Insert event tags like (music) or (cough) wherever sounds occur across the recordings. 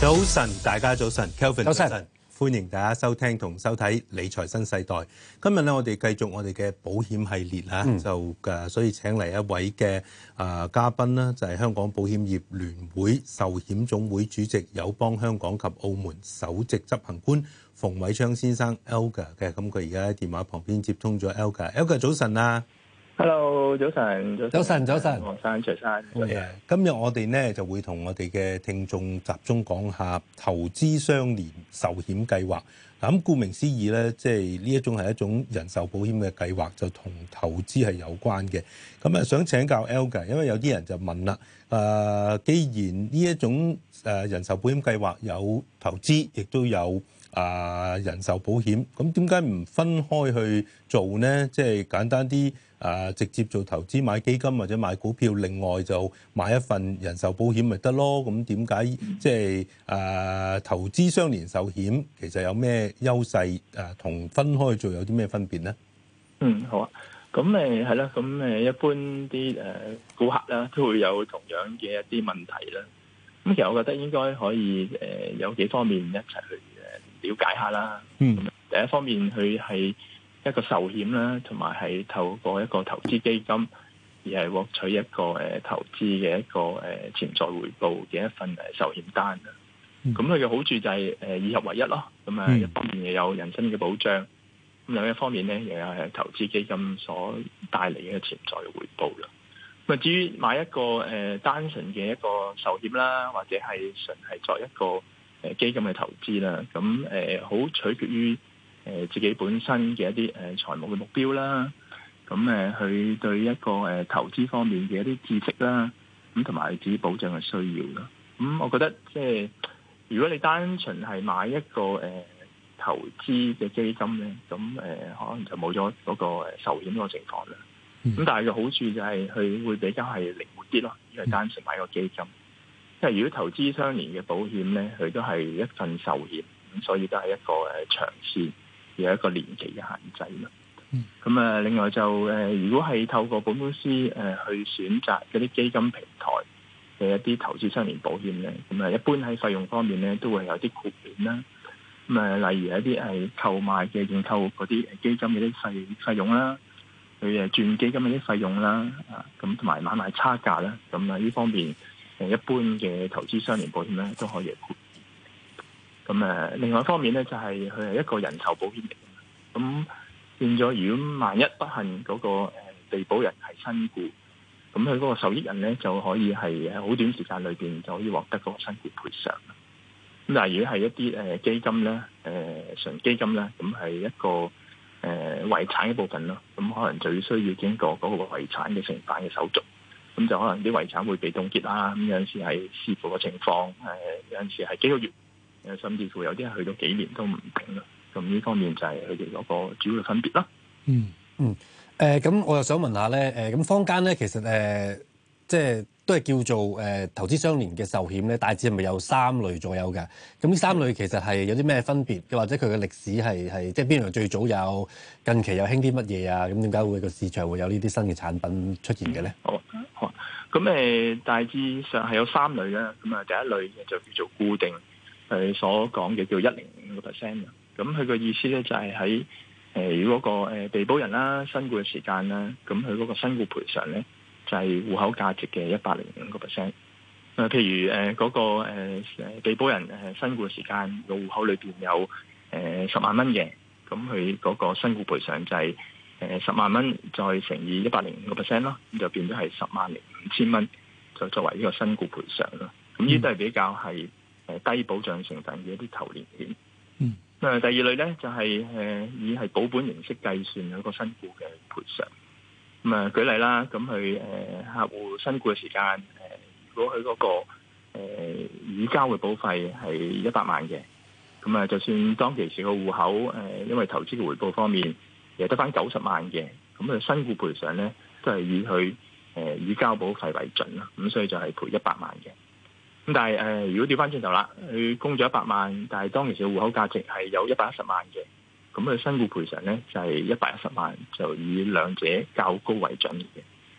早晨，大家早晨，Kelvin 早，早晨，歡迎大家收聽同收睇理財新世代。今日咧，我哋繼續我哋嘅保險系列吓、嗯，就所以請嚟一位嘅誒、呃、嘉賓啦，就係、是、香港保險業聯會壽險總會主席友邦香港及澳門首席執行官馮偉昌先生 Elgar 嘅，咁佢而家喺電話旁邊接通咗 Elgar，Elgar 早晨啊！hello，早晨，早晨，早晨，黃生，卓生，今日我哋咧就會同我哋嘅聽眾集中講下投資相連壽險計劃。咁顧名思義咧，即係呢一種係一種人壽保險嘅計劃，就同投資係有關嘅。咁啊，想請教 Elgar，因為有啲人就問啦，誒，既然呢一種誒人壽保險計劃有投資，亦都有啊人壽保險，咁點解唔分開去做呢？即係簡單啲。誒直接做投資買基金或者買股票，另外就買一份人壽保險咪得咯。咁點解即係誒投資相連壽險其實有咩優勢，誒同分開做有啲咩分別呢？嗯，好啊。咁誒係啦。咁誒一般啲誒顧客啦都會有同樣嘅一啲問題啦。咁其實我覺得應該可以誒有幾方面一齊去誒瞭解下啦。嗯，第一方面佢係。一個壽險啦，同埋係透過一個投資基金而係獲取一個誒投資嘅一個誒潛在回報嘅一份誒壽險單。咁佢嘅好處就係誒二合為一咯。咁啊，一方面又有人身嘅保障，咁另一方面咧，又有係投資基金所帶嚟嘅潛在回報啦。咁啊，至於買一個誒單純嘅一個壽險啦，或者係純係作一個誒基金嘅投資啦，咁誒好取決於。誒自己本身嘅一啲誒財務嘅目標啦，咁誒佢對一個誒投資方面嘅一啲知識啦，咁同埋自己保障嘅需要啦，咁我覺得即係如果你單純係買一個誒投資嘅基金咧，咁誒可能就冇咗嗰個誒壽險嗰個情況啦。咁但係嘅好處就係、是、佢會比較係靈活啲咯，因為單純買一個基金，即係如果投資相連嘅保險咧，佢都係一份壽險，所以都係一個誒長線。有一個年期嘅限制咯。咁啊，另外就誒，如果係透過本公司誒去選擇嗰啲基金平台嘅一啲投資相連保險咧，咁啊，一般喺費用方面咧，都會有啲豁免啦。咁啊，例如一啲係購買嘅認購嗰啲基金嘅啲費費用啦，佢誒轉基金嘅啲費用啦，啊，咁同埋買賣差價啦，咁啊呢方面誒一般嘅投資相連保險咧都可以。咁誒，另外一方面咧，就係佢係一個人壽保險嚟，咁變咗，如果萬一不幸嗰個誒被保人係身故，咁佢嗰個受益人咧就可以係喺好短時間裏面就可以獲得嗰個身故賠償。咁但係如果係一啲誒基金咧，誒純基金咧，咁係一個誒遺產嘅部分咯，咁可能最需要經過嗰個遺產嘅承辦嘅手續，咁就可能啲遺產會被凍結啦，咁有陣時係視乎個情況，有陣時係幾個月。甚至乎有啲係去咗幾年都唔定啦，咁呢方面就係佢哋嗰個主要嘅分別啦。嗯嗯，誒、呃，咁我又想問一下咧，誒、呃，咁坊間咧其實誒、呃，即係都係叫做誒、呃、投資相連嘅壽險咧，大致係咪有三類左右嘅？咁呢三類其實係有啲咩分別，或者佢嘅歷史係係即係邊度最早有，近期又興啲乜嘢啊？咁點解會個市場會有呢啲新嘅產品出現嘅咧、嗯？好，咁誒、呃、大致上係有三類啦。咁啊，第一類就叫做固定。佢所講嘅叫一零五個 percent，咁佢個意思咧就係喺誒如果個被保人啦身故嘅時間啦，咁佢嗰個身故賠償咧就係戶口價值嘅一百零五個 percent。誒譬如誒嗰個誒被保人誒身故嘅時間，個戶口裏邊有誒十萬蚊嘅，咁佢嗰個身故賠償就係誒十萬蚊再乘以一百零五個 percent 咯，咁就變咗係十萬零五千蚊，就作為呢個身故賠償咯。咁呢都係比較係。低保障成分嘅一啲投連險。嗯。第二類咧就係誒以係保本形式計算有一個身故嘅賠償。咁啊，舉例啦，咁佢誒客戶身故嘅時間，誒如果佢嗰個誒已交嘅保費係一百萬嘅，咁啊就算當其時個戶口誒因為投資嘅回報方面也90，而得翻九十萬嘅，咁佢身故賠償咧都係以佢誒已交保費為準啦。咁所以就係賠一百萬嘅。咁但係誒、呃，如果調翻轉頭啦，佢供咗一百萬，但係當其時戶口價值係有一百一十萬嘅，咁佢身故賠償咧就係一百一十萬，就以兩者較高為準嘅，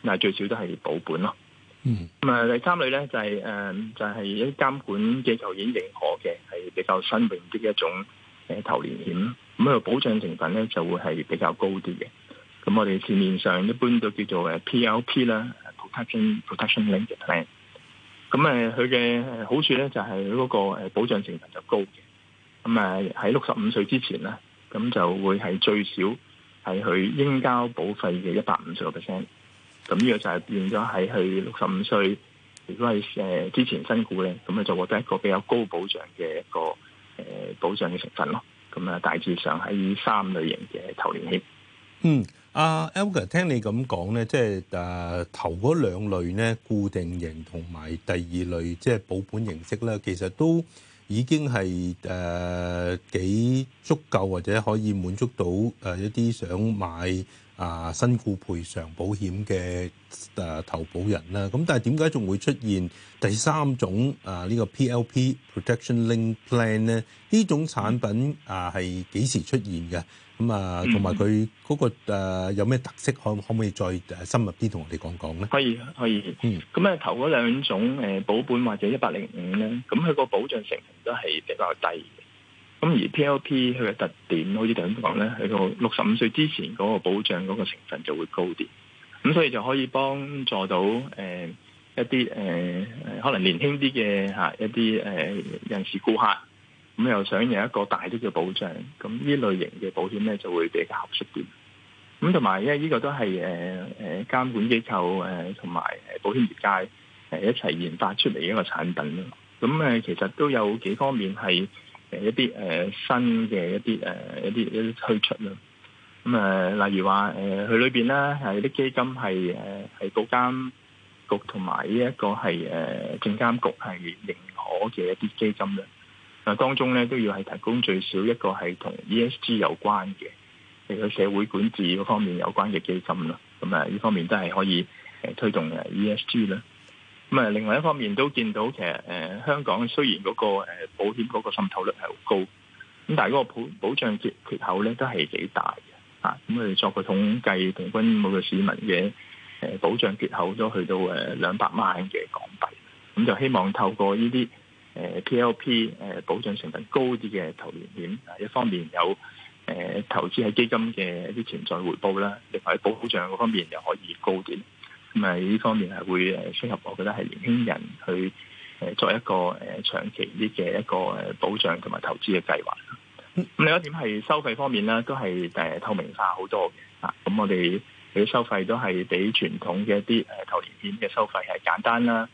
但嗱最少都係保本咯。嗯，咁啊第三類咧就係誒，就係、是呃就是、一啲監管機構就已經認可嘅，係比較新穎的一種誒、啊、投連險，咁佢保障成分咧就會係比較高啲嘅。咁我哋市面上一般都叫做誒 PLP 啦，Protection Protection Linked Plan 咁誒，佢嘅好處咧就係嗰個保障成分就高嘅。咁誒喺六十五歲之前咧，咁就會係最少係佢應交保費嘅一百五十個 percent。咁呢個就係變咗喺佢六十五歲，如果係誒之前身故咧，咁誒就獲得一個比較高保障嘅一個誒保障嘅成分咯。咁誒大致上喺三類型嘅投連險。嗯。阿、uh, e l g a r 聽你咁講咧，即係誒頭嗰兩類咧，固定型同埋第二類即係保本形式咧，其實都已經係誒、啊、幾足夠或者可以滿足到、啊、一啲想買啊身故賠償保險嘅誒、啊、投保人啦。咁、啊、但係點解仲會出現第三種啊呢、呢個 PLP Protection Link Plan 咧？呢種產品啊係幾時出現嘅？咁啊，同埋佢嗰個、呃、有咩特色，可可唔可以再、啊、深入啲同我哋講講咧？可以，可以。咁、嗯、咧頭嗰兩種、呃、保本或者一百零五咧，咁佢個保障成分都係比較低嘅。咁而 P L P 佢嘅特點，好似頭先講咧，佢個六十五歲之前嗰個保障嗰個成分就會高啲。咁所以就可以幫助到、呃、一啲、呃、可能年輕啲嘅一啲、呃、人士顧客。咁又想有一個大啲嘅保障，咁呢類型嘅保險咧就會比較合適啲。咁同埋，因為呢個都係誒誒監管機構誒同埋誒保險業界誒一齊研發出嚟一個產品咯。咁誒其實都有幾方面係誒一啲誒新嘅一啲誒一啲一啲推出咯。咁誒例如話誒佢裏邊咧係啲基金係誒係保監局同埋呢一個係誒證監局係認可嘅一啲基金啊，當中咧都要係提供最少一個係同 ESG 有關嘅，係佢社會管治嗰方面有關嘅基金啦。咁啊，呢方面都係可以誒推動誒 ESG 啦。咁啊，另外一方面都見到其實誒、呃、香港雖然嗰個保險嗰個滲透率係好高，咁但係嗰個保保障結缺口咧都係幾大嘅啊。咁佢哋作個統計，平均每個市民嘅誒保障缺口都去到誒兩百萬嘅港幣。咁就希望透過呢啲誒 P.L.P. 誒保障成分高啲嘅投連險，啊一方面有誒、呃、投資喺基金嘅一啲潛在回報啦，另外喺保障嗰方面又可以高啲，咁啊呢方面係會誒適合我覺得係年輕人去誒作一個誒長期啲嘅一個誒保障同埋投資嘅計劃。咁另外一點係收費方面啦，都係誒透明化好多嘅，啊咁我哋嘅收費都係比傳統嘅一啲誒投連險嘅收費係簡單啦。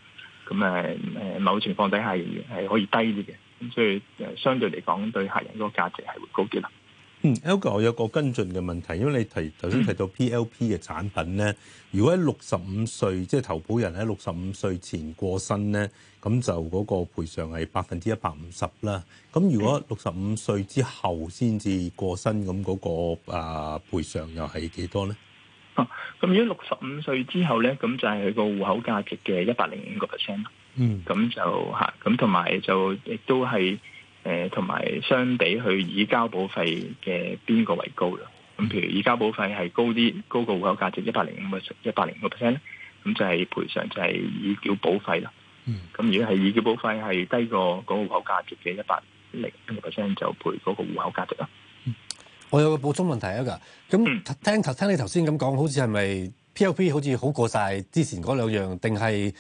咁誒誒，某情況底下仍然係可以低啲嘅，咁所以誒，相對嚟講對客人嗰個價值係會高啲啦。嗯，okay，Alex，我有個跟進嘅問題，因為你提頭先提到 PLP 嘅產品咧，如果喺六十五歲，即係投保人喺六十五歲前過身咧，咁就嗰個賠償係百分之一百五十啦。咁如果六十五歲之後先至過身，咁嗰個誒賠償又係幾多咧？咁如果六十五歲之後咧，咁就係佢個戶口價值嘅一百零五個 percent。嗯，咁就吓，咁同埋就亦都係，誒，同埋相比佢已交保費嘅邊個為高啦？咁譬如已交保費係高啲，高個戶口價值一百零五個 percent，一百零個 percent 咁就係賠償就係已繳保費啦。嗯，咁如果係已繳保費係低過嗰個戶口價值嘅一百零五個 percent，就賠嗰個戶口價值啦。我有個補充問題啊！噶咁聽聽你頭先咁講，好似係咪 I L P 好似好過晒之前嗰兩樣？定係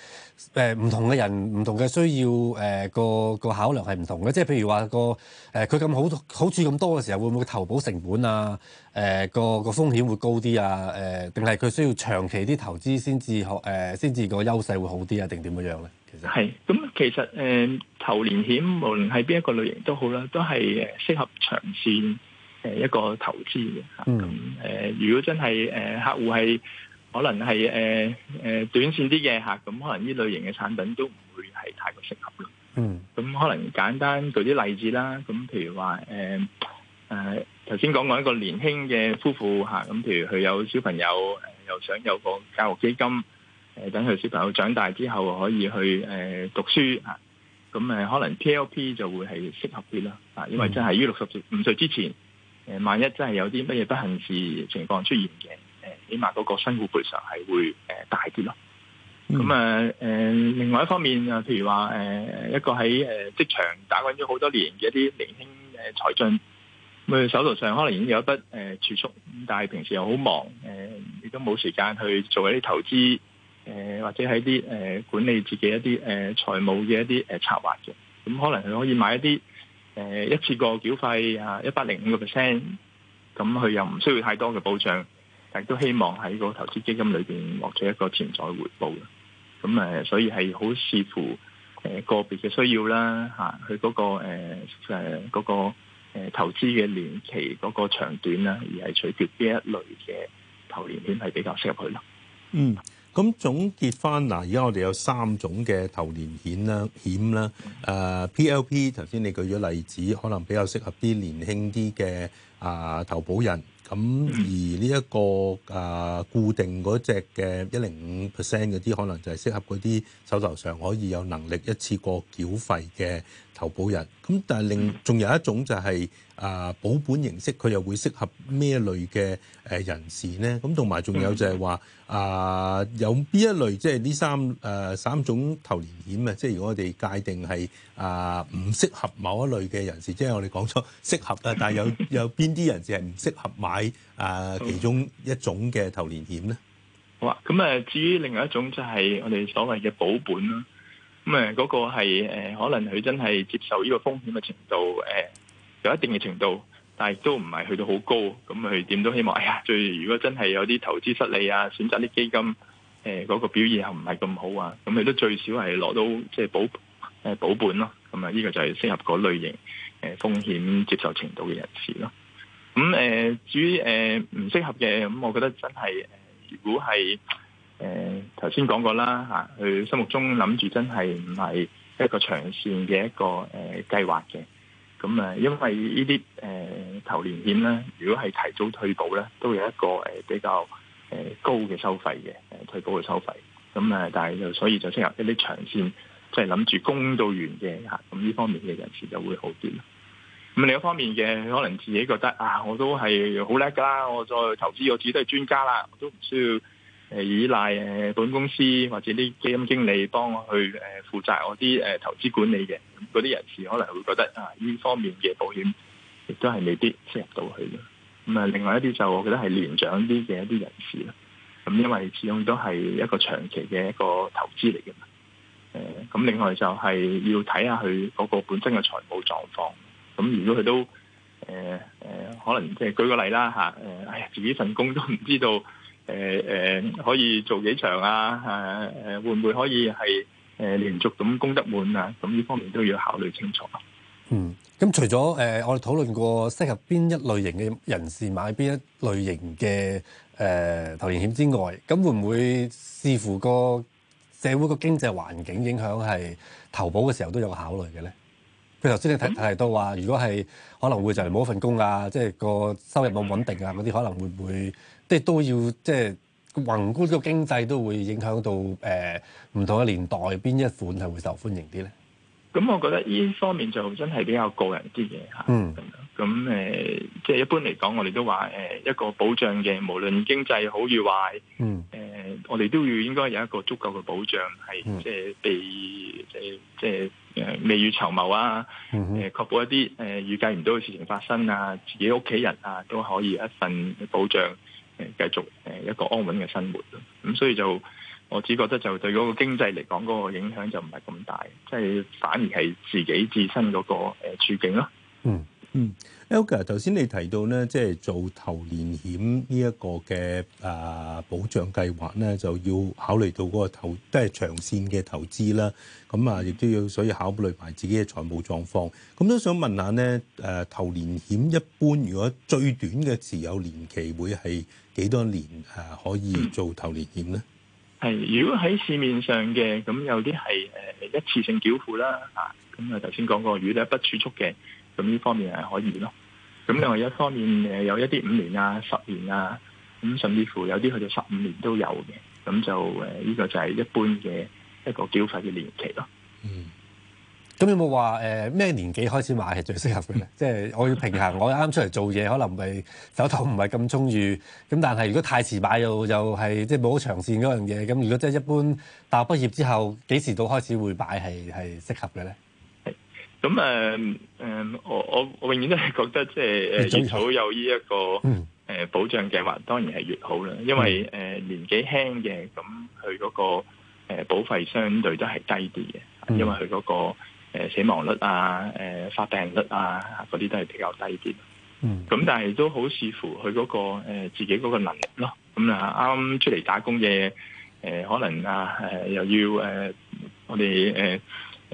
誒唔同嘅人唔同嘅需要誒、呃、個個考量係唔同嘅？即係譬如話個誒佢咁好好處咁多嘅時候，會唔會投保成本啊誒、呃、個個風險會高啲啊？誒定係佢需要長期啲投資先至可先至個優勢會好啲啊？定點樣呢？咧？其實係咁，其實誒、呃、投連險無論係邊一個類型都好啦，都係適合長線。係一個投資嘅嚇，咁誒、呃，如果真係誒、呃、客戶係可能係誒誒短線啲嘅嚇，咁、啊、可能呢類型嘅產品都唔會係太過適合咯。嗯，咁可能簡單舉啲例子啦，咁譬如話誒誒頭先講過一個年輕嘅夫婦嚇，咁、啊、譬如佢有小朋友、呃，又想有個教育基金，誒、啊、等佢小朋友長大之後可以去誒、呃、讀書嚇，咁、啊、誒可能 PLP 就會係適合啲啦，啊，因為真係於六十歲五歲之前。誒，萬一真係有啲乜嘢不幸事情況出現嘅，誒，起碼嗰個新故背償身故賠償係會大啲咯。咁啊，另外一方面啊，譬如話，誒，一個喺誒職場打滾咗好多年嘅一啲年輕誒才俊，佢手頭上可能已經有筆誒儲蓄，但係平時又好忙，誒，亦都冇時間去做一啲投資，誒，或者喺啲誒管理自己一啲誒財務嘅一啲策劃嘅，咁可能佢可以買一啲。一次過繳費啊，一百零五個 percent，咁佢又唔需要太多嘅保障，亦都希望喺個投資基金裏面獲取一個潛在回報，咁所以係好視乎誒個別嘅需要啦，佢嗰、嗰個嗰、呃嗰個、投資嘅年期嗰個長短啦，而係取決邊一類嘅投連險係比較適合佢啦。嗯。咁總結翻嗱，而家我哋有三種嘅投連險啦、險啦，誒 PLP 頭先你舉咗例子，可能比較適合啲年輕啲嘅啊投保人。咁而呢、這、一個誒、啊、固定嗰隻嘅一零五 percent 嗰啲，可能就係適合嗰啲手頭上可以有能力一次過繳費嘅。投保人咁，但係另仲有一種就係、是、啊保本形式，佢又會適合咩類嘅誒人士呢？咁同埋仲有就係話啊，有邊一類即係呢三誒、啊、三種投連險啊？即係如果我哋界定係啊唔適合某一類嘅人士，即係我哋講咗適合啊，但係有有邊啲人士係唔適合買啊其中一種嘅投連險呢？好啊，咁誒至於另外一種就係我哋所謂嘅保本啦。咁、那、嗰個係、呃、可能佢真係接受呢個風險嘅程度誒、呃、有一定嘅程度，但亦都唔係去到好高。咁佢點都希望，哎呀，最如果真係有啲投資失利啊，選擇啲基金誒嗰、呃嗰個表現又唔係咁好啊，咁佢都最少係攞到即係、就是、保、呃、保本咯。咁啊，呢個就係適合嗰類型誒、呃、風險接受程度嘅人士咯。咁誒、呃、至於誒唔、呃、適合嘅，咁我覺得真係、呃、如果係。誒、呃，頭先講過啦吓，佢、啊、心目中諗住真係唔係一個長線嘅一個誒計劃嘅，咁、呃、啊，因為、呃、呢啲誒投連險咧，如果係提早退保咧，都有一個誒、呃、比較誒、呃、高嘅收費嘅，誒、呃、退保嘅收費，咁啊，但係就所以就適合一啲長線，即係諗住供到完嘅吓，咁、啊、呢方面嘅人士就會好啲。咁另一方面嘅，可能自己覺得啊，我都係好叻噶啦，我再投資我自己都係專家啦，我都唔需要。係依賴誒本公司或者啲基金經理幫我去誒負責我啲誒投資管理嘅，嗰啲人士可能會覺得啊，呢方面嘅保險亦都係未必適合到佢嘅。咁啊，另外一啲就我覺得係年長啲嘅一啲人士啦。咁因為始終都係一個長期嘅一個投資嚟嘅。誒，咁另外就係要睇下佢嗰個本身嘅財務狀況。咁如果佢都誒誒，呃，可能即係舉個例啦嚇。誒，哎呀，自己份工都唔知道。誒、呃、誒，可以做幾長啊？誒誒，會唔會可以係誒、呃、連續咁供得滿啊？咁呢方面都要考慮清楚。嗯，咁、嗯嗯、除咗誒、呃，我哋討論過適合邊一類型嘅人士買邊一類型嘅誒、呃、投連險之外，咁、嗯、會唔會視乎個社會個經濟環境影響，係投保嘅時候都有考慮嘅咧？佢頭先你提提到話，如果係可能會就嚟冇一份工啊，即係個收入冇穩定啊，嗰啲可能會唔會，即係都要即係宏觀個經濟都會影響到，誒唔同嘅年代，邊一款係會受歡迎啲咧？咁我覺得呢方面就真係比較個人啲嘅嚇。嗯咁誒、呃，即係一般嚟講，我哋都話誒、呃、一個保障嘅，無論經濟好與壞，誒、嗯呃、我哋都要應該有一個足夠嘅保障，係、嗯、即係被、呃、即即誒、呃、未雨綢繆啊，誒、呃、確保一啲誒、呃、預計唔到嘅事情發生啊，自己屋企人啊都可以一份保障，誒、呃、繼續誒、呃、一個安穩嘅生活咁、啊嗯、所以就我只覺得就對嗰個經濟嚟講嗰個影響就唔係咁大，即、就、係、是、反而係自己自身嗰個誒處境咯、啊。嗯。嗯 Laker 頭先你提到咧，即係做投連險呢一個嘅誒保障計劃咧，就要考慮到嗰個投即係長線嘅投資啦。咁啊，亦都要所以考慮埋自己嘅財務狀況。咁都想問下咧，誒投連險一般如果最短嘅持有年期會係幾多年誒？可以做投連險咧？係，如果喺市面上嘅，咁有啲係誒一次性繳付啦，啊，咁啊頭先講過，如果你係不儲蓄嘅。咁呢方面係可以咯。咁另外一方面，有一啲五年啊、十年啊，咁甚至乎有啲去到十五年都有嘅。咁就呃，呢個就係一般嘅一個繳費嘅年期咯。嗯。咁有冇話咩年紀開始買係最適合嘅咧？即 (laughs) 係我要平衡，我啱出嚟做嘢，可能咪手頭唔係咁充裕。咁但係如果太遲買又又係即係冇長線嗰樣嘢。咁如果即係一般大學畢業之後幾時到開始會買係係適合嘅咧？咁誒誒，我我我永遠都係覺得即係誒，越早有呢一個誒保障計劃，當然係越好啦。因為誒年紀輕嘅，咁佢嗰個保費相對都係低啲嘅，因為佢嗰個死亡率啊、誒發病率啊嗰啲都係比較低啲。嗯，咁但係都好視乎佢嗰個自己嗰個能力咯。咁啊，啱出嚟打工嘅誒，可能啊誒又要誒我哋誒。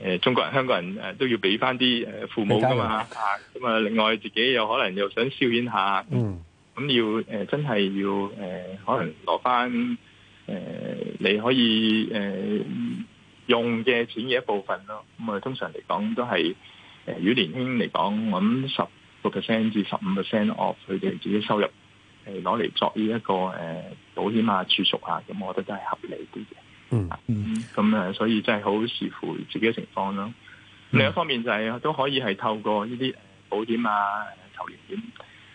誒中國人、香港人誒都要俾翻啲誒父母噶嘛，咁啊另外自己又可能又想消遣下，咁、嗯、要誒、呃、真係要誒、呃、可能攞翻誒你可以誒、呃、用嘅錢嘅一部分咯。咁啊通常嚟講都係如果年輕嚟講，咁我諗十 percent 至十五 percent of 佢哋自己收入係攞嚟作呢、這、一個誒、呃、保險啊儲蓄啊，咁我覺得都係合理啲嘅。嗯，咁、嗯、啊，所以真係好視乎自己嘅情況咯。另一方面就係、是、都可以係透過呢啲保險啊、投連險，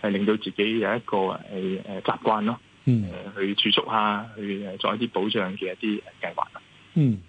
係令到自己有一個係誒習慣咯。嗯、呃呃，去儲蓄下，去做一啲保障嘅一啲計劃啊。嗯。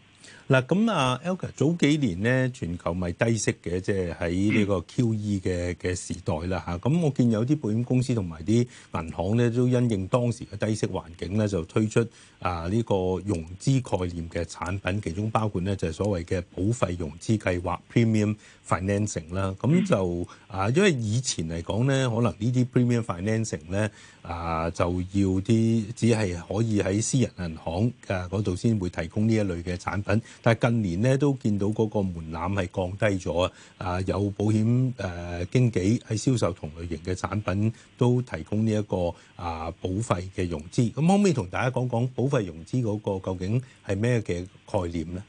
嗱咁啊，Elka 早幾年咧，全球咪低息嘅，即係喺呢個 QE 嘅嘅時代啦嚇。咁我見有啲保險公司同埋啲銀行咧，都因應當時嘅低息環境咧，就推出啊呢、呢個融資概念嘅產品，其中包括咧就係、係、所謂嘅保費融資計劃 （premium financing） 啦。咁就啊，因為以前嚟講咧，可能呢啲 premium financing 咧啊，就要啲只係可以喺私人銀行嘅嗰度先會提供呢一類嘅產品。但係近年咧都見到嗰個門檻係降低咗啊！啊，有保險誒經紀喺銷售同類型嘅產品，都提供呢一個啊保費嘅融資。咁可唔可以同大家講講保費融資嗰個究竟係咩嘅概念咧？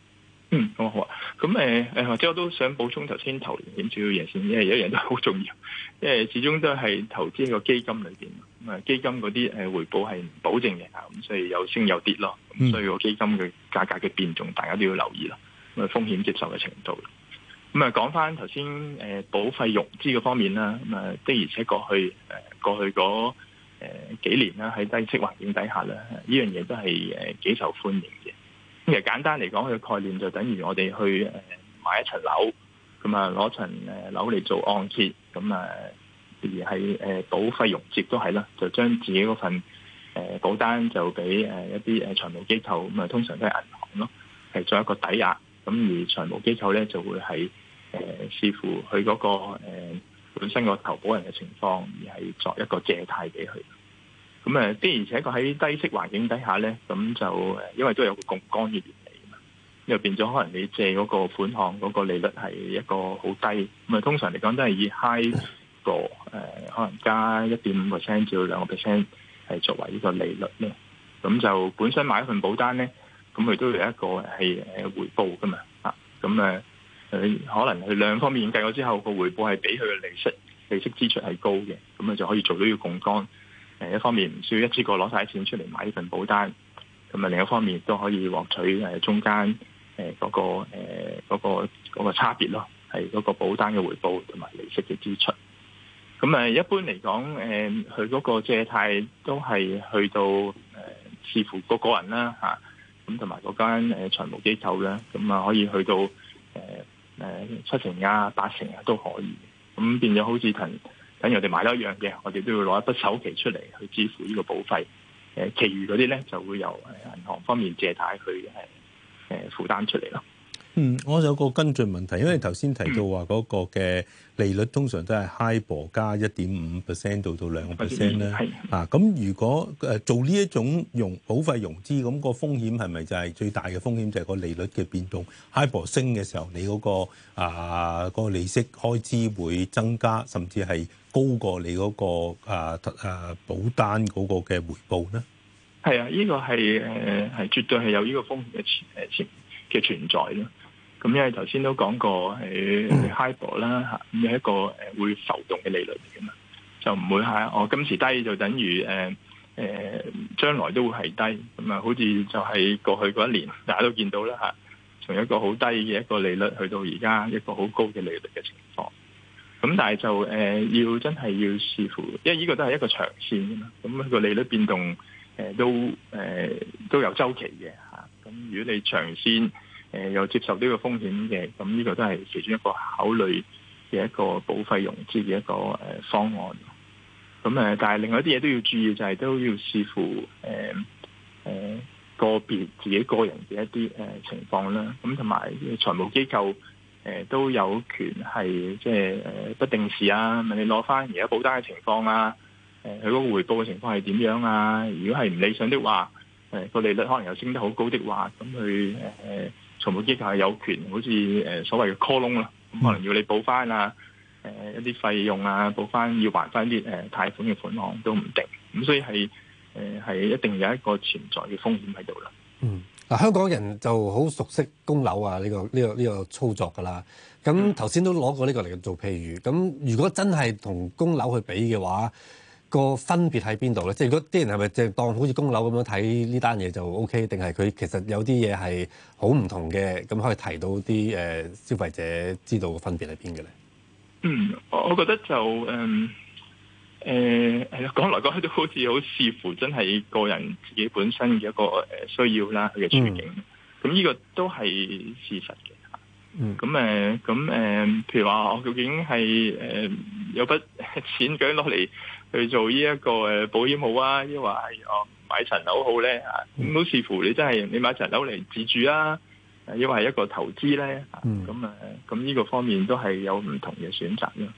嗯，好啊，好啊，咁誒誒，或者我都想補充剛才頭先投連險主要嘢先，因為有一樣都係好重要，因為始終都係投資一個基金裏邊，咁啊基金嗰啲誒回報係唔保證嘅，咁所以有升有跌咯，咁所以個基金嘅價格嘅變動，大家都要留意啦，咁啊風險接受嘅程度。咁啊講翻頭先誒保費融資嘅方面啦，咁啊的而且過去誒過去嗰誒幾年啦，喺低息環境底下咧，呢樣嘢都係誒幾受歡迎嘅。其實簡單嚟講，佢概念就等於我哋去買一層樓，咁啊攞層誒樓嚟做按揭，咁啊而係誒保費融資都係啦，就將自己嗰份誒保單就俾誒一啲誒財務機構，咁啊通常都係銀行咯，係作一個抵押，咁而財務機構咧就會係誒視乎佢嗰個誒本身個投保人嘅情況，而係作一個借貸俾佢。咁誒的，而且佢喺低息環境底下咧，咁就誒，因為都有個槓桿嘅原理啊嘛，又變咗可能你借嗰個款項嗰個,、呃、個利率係一個好低，咁啊通常嚟講都係以 high 個誒，可能加一點五個 percent 至到兩個 percent 係作為呢個利率咧。咁就本身買一份保單咧，咁佢都有一個係誒回報噶嘛啊，咁誒誒可能佢兩方面計咗之後，個回報係比佢嘅利息利息支出係高嘅，咁啊就可以做到呢個槓桿。誒一方面唔需要一次過攞晒錢出嚟買呢份保單，咁啊另一方面都可以獲取誒中間誒、嗰個、嗰個誒嗰、嗰個嗰個嗰個、差別咯，係嗰個保單嘅回報同埋利息嘅支出。咁啊一般嚟講，誒佢嗰個借貸都係去到誒視乎個個人啦嚇，咁同埋嗰間誒財務機構咧，咁啊可以去到誒誒七成啊八成啊都可以，咁變咗好似同。等於我哋買多一樣嘢，我哋都要攞一筆首期出嚟去支付呢個保費，誒，其餘嗰啲咧就會由銀行方面借貸去係誒負擔出嚟咯。嗯，我有個跟進問題，因為頭先提到話嗰個嘅利率通常都係 high 博加一點五 percent 到到兩個 percent 啦。係啊，咁如果誒做呢一種融保費融資，咁個風險係咪就係、是、最大嘅風險就係個利率嘅變動？high 博升嘅時候，你嗰、那個啊、那個利息開支會增加，甚至係高過你嗰、那個啊啊保單嗰個嘅回報呢？係啊，呢、這個係誒係絕對係有呢個風險嘅存嘅存在啦。咁因為頭先都講過係 hybrid 啦嚇，咁係一個誒會浮動嘅利率嚟嘅嘛，就唔會係我、哦、今時低就等於誒誒、呃、將來都會係低，咁啊好似就係過去嗰一年大家都見到啦嚇，從一個好低嘅一個利率去到而家一個好高嘅利率嘅情況，咁但係就誒要、呃、真係要視乎，因為呢個都係一個長線嘅嘛，咁、嗰個利率變動誒都誒、呃、都有周期嘅嚇，咁如果你長線。誒，又接受呢個風險嘅，咁呢個都係其中一個考慮嘅一個保費融資嘅一個誒方案。咁誒，但係另外一啲嘢都要注意，就係、是、都要視乎誒誒、呃、個別自己個人嘅一啲誒情況啦。咁同埋財務機構誒、呃、都有權係即係誒不定時啊，問你攞翻而家保單嘅情況啊誒，佢、呃、嗰個回報嘅情況係點樣啊？如果係唔理想的話，誒、呃、個利率可能又升得好高的話，咁佢誒。呃財務機構係有權，好似誒所謂嘅 call loan 啦，咁可能要你補翻啊，誒、呃、一啲費用啊，補翻要還翻啲誒貸款嘅款項都唔定，咁所以係誒係一定有一個存在嘅風險喺度啦。嗯，嗱，香港人就好熟悉供樓啊，呢、呢個呢、呢個呢、呢個操作㗎啦。咁頭先都攞過呢個嚟做譬如，咁如果真係同供樓去比嘅話，個分別喺邊度咧？即係如果啲人係咪即係當好似供樓咁樣睇呢單嘢就 O K？定係佢其實有啲嘢係好唔同嘅？咁可以提到啲誒消費者知道個分別喺邊嘅咧？嗯，我覺得就誒誒係啦，講來講去都好似好視乎真係個人自己本身嘅一個誒需要啦嘅處境。咁、嗯、呢個都係事實嘅。嗯。咁誒咁誒，譬如話我究竟係誒有筆錢攞落嚟，去做呢一個誒保險好啊，抑或係哦買層樓好咧？吓，咁都視乎你真係你買層樓嚟自住啦，抑或係一個投資咧，咁誒咁呢個方面都係有唔同嘅選擇咯。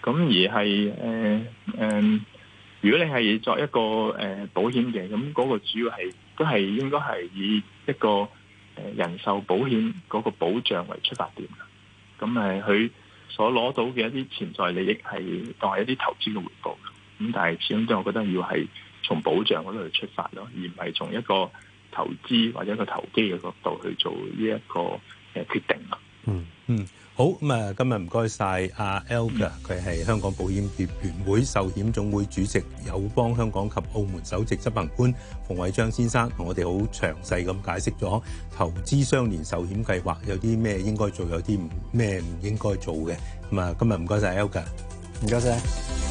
咁而係誒誒，如果你係作一個誒保險嘅，咁嗰個主要係都係應該係以一個誒人壽保險嗰個保障為出發點噶，咁誒佢所攞到嘅一啲潛在利益係當係一啲投資嘅回報。咁但係始終都，我覺得要係從保障嗰度出發咯，而唔係從一個投資或者個投機嘅角度去做呢一個誒決定咯。嗯嗯，好，咁啊，今日唔該曬阿 Elga，佢係香港保險業聯會壽險總會主席、友邦香港及澳門首席執行官馮偉昌先生，同我哋好詳細咁解釋咗投資相連壽險計劃有啲咩應該做，有啲咩唔應該做嘅。咁啊，今日唔該曬 Elga，唔該曬。